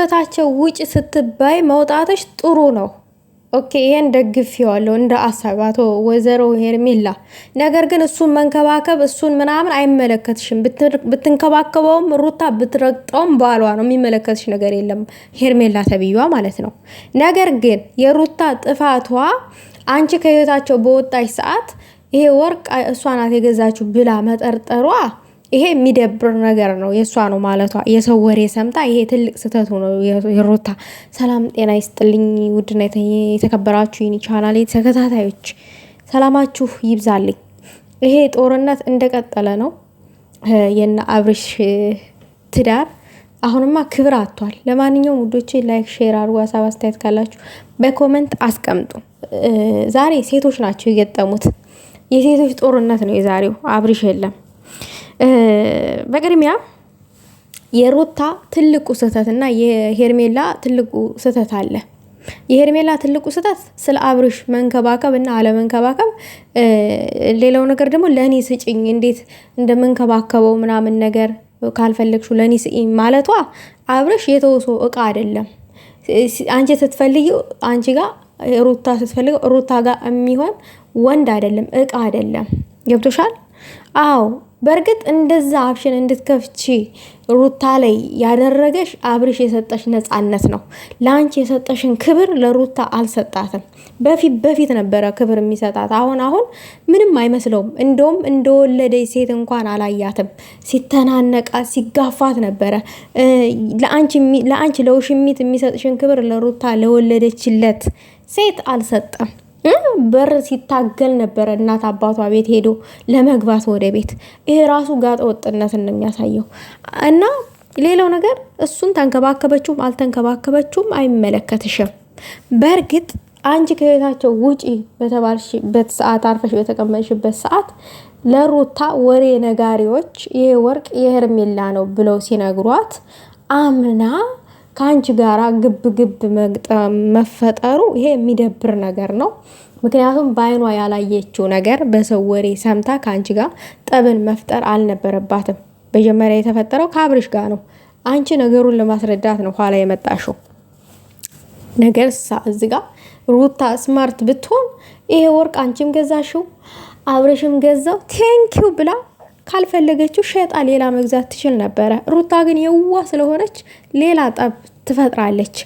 ከህይወታቸው ውጭ ስትባይ መውጣትሽ ጥሩ ነው። ኦኬ ይሄን ደግፌዋለሁ እንደ አሳባቶ ወይዘሮ ሄርሜላ። ነገር ግን እሱን መንከባከብ እሱን ምናምን አይመለከትሽም። ብትንከባከበውም ሩታ ብትረግጠውም ባሏ ነው የሚመለከትሽ ነገር የለም ሄርሜላ ተብዬዋ ማለት ነው። ነገር ግን የሩታ ጥፋቷ አንቺ ከህይወታቸው በወጣሽ ሰዓት ይሄ ወርቅ እሷ ናት ብላ መጠርጠሯ ይሄ የሚደብር ነገር ነው። የእሷ ነው ማለቷ የሰው ወሬ ሰምታ ይሄ ትልቅ ስህተቱ ነው የሩታ። ሰላም ጤና ይስጥልኝ ውድና የተከበራችሁ ይህን ቻናል ተከታታዮች ሰላማችሁ ይብዛልኝ። ይሄ ጦርነት እንደቀጠለ ነው። የነ አብርሽ ትዳር አሁንማ ክብር አጥቷል። ለማንኛውም ውዶች ላይክ፣ ሼር አድርጎ ሀሳብ አስተያየት ካላችሁ በኮመንት አስቀምጡ። ዛሬ ሴቶች ናቸው የገጠሙት። የሴቶች ጦርነት ነው የዛሬው። አብርሽ የለም በቅድሚያ የሩታ ትልቁ ስህተትና የሄርሜላ ትልቁ ስህተት አለ። የሄርሜላ ትልቁ ስህተት ስለ አብርሽ መንከባከብ እና አለመንከባከብ፣ ሌላው ነገር ደግሞ ለእኔ ስጭኝ እንዴት እንደምንከባከበው ምናምን ነገር ካልፈለግሽው ለእኔ ስጭኝ ማለቷ። አብርሽ የተወሶ እቃ አይደለም። አንቺ ስትፈልጊው አንቺ ጋር ሩታ ስትፈልገው ሩታ ጋር የሚሆን ወንድ አይደለም፣ እቃ አይደለም። ገብቶሻል? አዎ በእርግጥ እንደዛ አብሽን እንድትከፍቺ ሩታ ላይ ያደረገሽ አብርሽ የሰጠሽ ነፃነት ነው። ለአንቺ የሰጠሽን ክብር ለሩታ አልሰጣትም። በፊት በፊት ነበረ ክብር የሚሰጣት። አሁን አሁን ምንም አይመስለውም። እንደውም እንደወለደች ሴት እንኳን አላያትም። ሲተናነቃት ሲጋፋት ነበረ። ለአንቺ ለውሽሚት የሚሰጥሽን ክብር ለሩታ ለወለደችለት ሴት አልሰጠም። በር ሲታገል ነበረ እናት አባቷ ቤት ሄዶ ለመግባት ወደ ቤት። ይሄ ራሱ ጋጠ ወጥነትን ነው የሚያሳየው እና ሌላው ነገር እሱን ተንከባከበችውም አልተንከባከበችውም አይመለከትሽም። በእርግጥ አንቺ ከቤታቸው ውጪ በተባልሽበት ሰዓት አርፈሽ በተቀመጥሽበት ሰዓት ለሩታ ወሬ ነጋሪዎች ይሄ ወርቅ የሄርሜላ ነው ብለው ሲነግሯት አምና ከአንቺ ጋር ግብ ግብ መፈጠሩ ይሄ የሚደብር ነገር ነው። ምክንያቱም በአይኗ ያላየችው ነገር በሰው ወሬ ሰምታ ከአንቺ ጋር ጠብን መፍጠር አልነበረባትም። መጀመሪያ የተፈጠረው ከአብርሽ ጋር ነው። አንቺ ነገሩን ለማስረዳት ነው ኋላ የመጣሽው ነገር ሳ እዚ ጋ ሩታ ስማርት ብትሆን ይሄ ወርቅ አንቺም ገዛሽው አብረሽም ገዛው ቴንኪው ብላ ካልፈለገችው ሸጣ ሌላ መግዛት ትችል ነበረ። ሩታ ግን የዋ ስለሆነች ሌላ ጠብ ትፈጥራለች።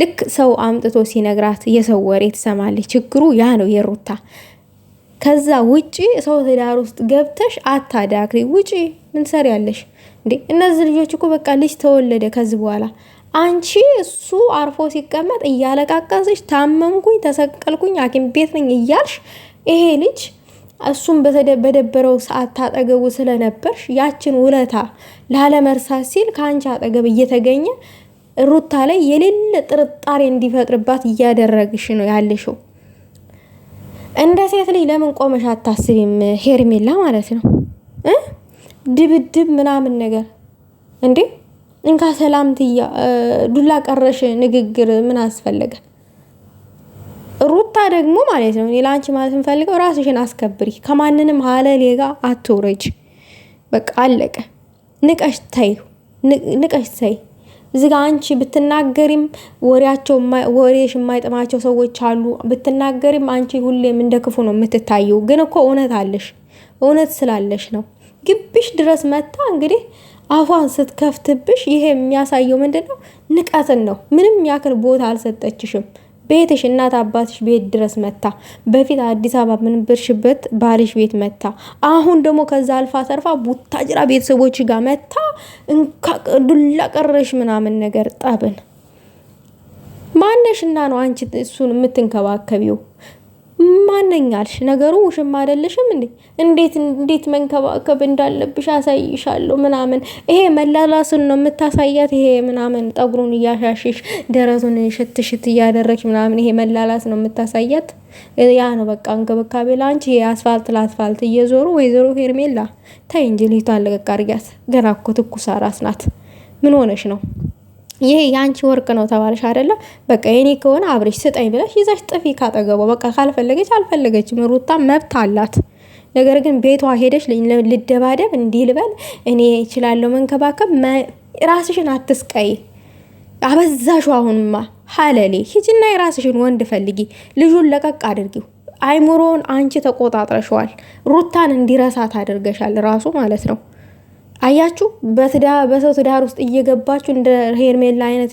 ልክ ሰው አምጥቶ ሲነግራት የሰው ወሬ ትሰማለች። ችግሩ ያ ነው የሩታ። ከዛ ውጪ ሰው ትዳር ውስጥ ገብተሽ አታዳክሪ። ውጪ ምን ያለሽ እንዴ? እነዚህ ልጆች እኮ በቃ ልጅ ተወለደ። ከዚህ በኋላ አንቺ እሱ አርፎ ሲቀመጥ እያለቃቀሰች ታመምኩኝ፣ ተሰቀልኩኝ፣ ሐኪም ቤት ነኝ እያልሽ ይሄ ልጅ እሱም በደበረው ሰዓት ታጠገቡ ስለነበርሽ ያችን ውለታ ላለመርሳት ሲል ከአንቺ አጠገብ እየተገኘ ሩታ ላይ የሌለ ጥርጣሬ እንዲፈጥርባት እያደረግሽ ነው ያለሽው። እንደ ሴት ልጅ ለምን ቆመሽ አታስቢም? ሄርሜላ ማለት ነው ድብድብ ምናምን ነገር እንዴ እንካ ሰላምትያ ዱላ ቀረሽ ንግግር ምን አስፈለገ? ሩታ ደግሞ ማለት ነው እኔ ለአንቺ ማለት የምፈልገው ራስሽን አስከብሪ። ከማንንም ሀለ ሌጋ አትውረጅ። በቃ አለቀ። ንቀሽ ተይ፣ ንቀሽ ተይ። ጋ አንቺ ብትናገሪም ወሬያቸው ወሬሽ የማይጥማቸው ሰዎች አሉ። ብትናገሪም አንቺ ሁሌም እንደ ክፉ ነው የምትታየው። ግን እኮ እውነት አለሽ፣ እውነት ስላለሽ ነው። ግብሽ ድረስ መታ እንግዲህ አፏን ስትከፍትብሽ ይሄ የሚያሳየው ምንድን ነው? ንቀትን ነው። ምንም ያክል ቦታ አልሰጠችሽም። ቤትሽ እናት አባትሽ ቤት ድረስ መታ። በፊት አዲስ አበባ ምንብርሽበት ባልሽ ቤት መታ። አሁን ደግሞ ከዛ አልፋ ተርፋ ቡታጅራ ቤተሰቦች ጋር መታ። እንካ ዱላ ቀረሽ ምናምን ነገር ጠብን ማነሽና ነው አንቺ እሱን የምትንከባከቢው? ማነኛልሽ ነገሩ ውሽም አይደለሽም እንዴ? እንዴት እንዴት መንከባከብ እንዳለብሽ አሳይሻለሁ ምናምን። ይሄ መላላስን ነው የምታሳያት። ይሄ ምናምን ጠጉሩን እያሻሽሽ ደረቱን ሽትሽት እያደረግሽ ምናምን፣ ይሄ መላላስ ነው የምታሳያት። ያ ነው በቃ እንክብካቤ ለአንቺ። ይሄ አስፋልት ለአስፋልት እየዞሩ ወይዘሮ ሄርሜላ ተይ እንጂ ልጅቷን ለቀቅ አድርጊያት። ገና እኮ ትኩስ አራስ ናት። ምን ሆነሽ ነው? ይሄ የአንቺ ወርቅ ነው ተባለሽ አይደለም በቃ የኔ ከሆነ አብረሽ ስጠኝ ብለሽ ይዛሽ ጥፊ ካጠገቧ። በቃ ካልፈለገች አልፈለገችም። ሩታ መብት አላት። ነገር ግን ቤቷ ሄደሽ ልደባደብ እንዲህ ልበል እኔ እችላለሁ መንከባከብ። ራስሽን አትስቀይ። አበዛሹ አሁንማ ሀለሌ ሂጅና የራስሽን ወንድ ፈልጊ። ልጁን ለቀቅ አድርጊው። አይምሮውን አንቺ ተቆጣጥረሸዋል። ሩታን እንዲረሳት አድርገሻል ራሱ ማለት ነው። አያችሁ በሰው ትዳር ውስጥ እየገባችሁ እንደ ሄርሜላ አይነት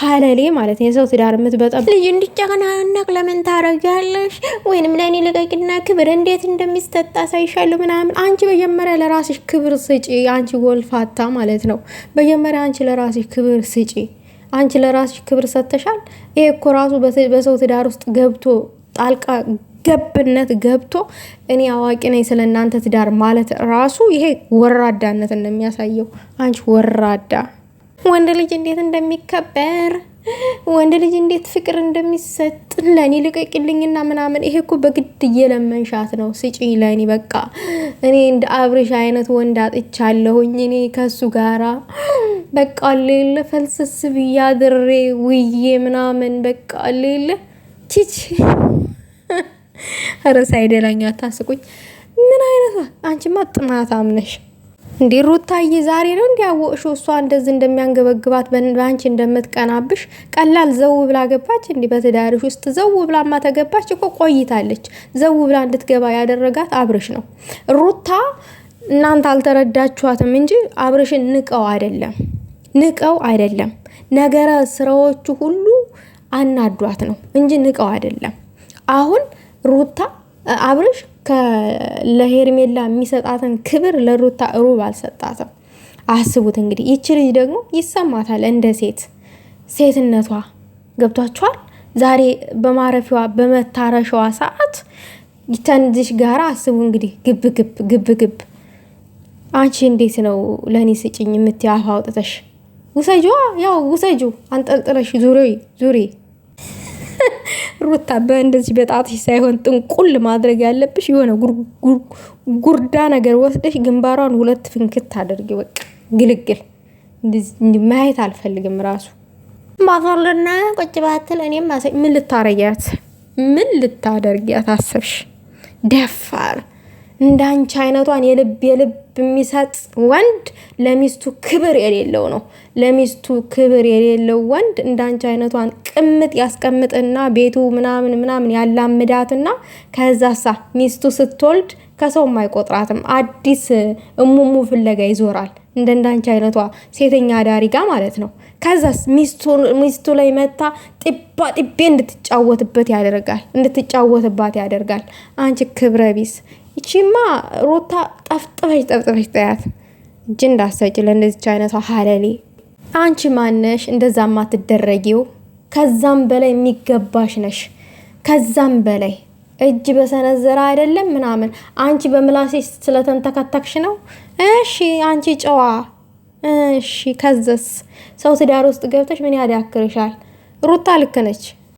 ሀለሌ ማለት ነው የሰው ትዳር የምትበጠብ ልጅ እንዲጨቀናነቅ ለምን ታረጊያለሽ? ወይንም ለእኔ ልቀቂና ክብር እንዴት እንደሚሰጥ ሳይሻሉ ምናምን። አንቺ በጀመሪያ ለራስሽ ክብር ስጪ። አንቺ ጎልፋታ ማለት ነው። በጀመሪያ አንቺ ለራስሽ ክብር ስጪ። አንቺ ለራስሽ ክብር ሰተሻል ይሄ እኮ ራሱ በሰው ትዳር ውስጥ ገብቶ ጣልቃ ገብነት ገብቶ እኔ አዋቂ ነኝ ስለ እናንተ ትዳር ማለት ራሱ ይሄ ወራዳነት እንደሚያሳየው አንቺ ወራዳ ወንድ ልጅ እንዴት እንደሚከበር ወንድ ልጅ እንዴት ፍቅር እንደሚሰጥ ለእኔ ልቀቂልኝና ምናምን። ይሄ እኮ በግድ እየለመንሻት ነው። ስጪ ለእኔ በቃ እኔ እንደ አብሬሽ አይነት ወንድ አጥቻለሁኝ። እኔ ከሱ ጋራ በቃ ሌለ ፈልሰስ እያድሬ ድሬ ውዬ ምናምን በቃ ሌለ ቺች ኧረ ሳይደላኝ አታስቁኝ። ምን አይነት አንቺማ ጥማታም ነሽ እንዴ ሩታዬ! ዛሬ ነው እንዲያወቅሽው እሷ እንደዚህ እንደሚያንገበግባት በአንቺ እንደምትቀናብሽ። ቀላል ዘው ብላ ገባች። እንዲህ በትዳርሽ ውስጥ ዘው ብላማ ተገባች እኮ ቆይታለች። ዘው ብላ እንድትገባ ያደረጋት አብርሽ ነው። ሩታ እናንተ አልተረዳችኋትም እንጂ አብርሽን ንቀው አይደለም ንቀው አይደለም ነገረ ስራዎቹ ሁሉ አናዷት ነው እንጂ ንቀው አይደለም። አሁን ሩታ አብርሽ ለሄርሜላ የሚሰጣትን ክብር ለሩታ ሩብ አልሰጣትም። አስቡት እንግዲህ ይቺ ልጅ ደግሞ ይሰማታል እንደ ሴት ሴትነቷ ገብቷችኋል። ዛሬ በማረፊዋ በመታረሻዋ ሰዓት ተንዚሽ ጋር አስቡ እንግዲህ ግብ ግብ ግብ ግብ አንቺ እንዴት ነው ለእኔ ስጭኝ የምትያፋ አውጥተሽ ውሰጇ፣ ያው ውሰጁ አንጠልጥለሽ ዙሪ ዙሬ ሩታ በእንደዚህ በጣት ሳይሆን ጥንቁል ማድረግ ያለብሽ የሆነ ጉርዳ ነገር ወስደሽ ግንባሯን ሁለት ፍንክት አድርጊ። በቃ ግልግል ማየት አልፈልግም። ራሱ ማቶልና ቁጭ ባትል እኔም ምን ልታረጊያት ምን ልታደርጊያት አሰብሽ? ደፋር እንዳንቺ አይነቷን የልብ የልብ የሚሰጥ ወንድ ለሚስቱ ክብር የሌለው ነው። ለሚስቱ ክብር የሌለው ወንድ እንዳንቺ አይነቷን ቅምጥ ያስቀምጥና ቤቱ ምናምን ምናምን ያላምዳትና ከዛሳ ሚስቱ ስትወልድ ከሰውም አይቆጥራትም። አዲስ እሙሙ ፍለጋ ይዞራል። እንደ እንዳንቺ አይነቷ ሴተኛ አዳሪ ማለት ነው። ከዛስ ሚስቱ ላይ መታ ጥባ ጥቤ እንድትጫወትበት ያደርጋል፣ እንድትጫወትባት ያደርጋል። አንቺ ክብረ ቢስ ይቺማ ሮታ ጠፍጥፈሽ ጠፍጥፈሽ ጠያት እጅ እንዳሰጭ ለእንደዚች አይነቷ ሀለሌ አንቺ ማነሽ? እንደዛ ማትደረጊው ከዛም በላይ የሚገባሽ ነሽ። ከዛም በላይ እጅ በሰነዘረ አይደለም ምናምን አንቺ በምላሴ ስለተንተከተክሽ ነው። እሺ አንቺ ጨዋ እሺ። ከዘስ ሰው ትዳር ውስጥ ገብተሽ ምን ያዳክርሻል? ሩታ ልክ ነች።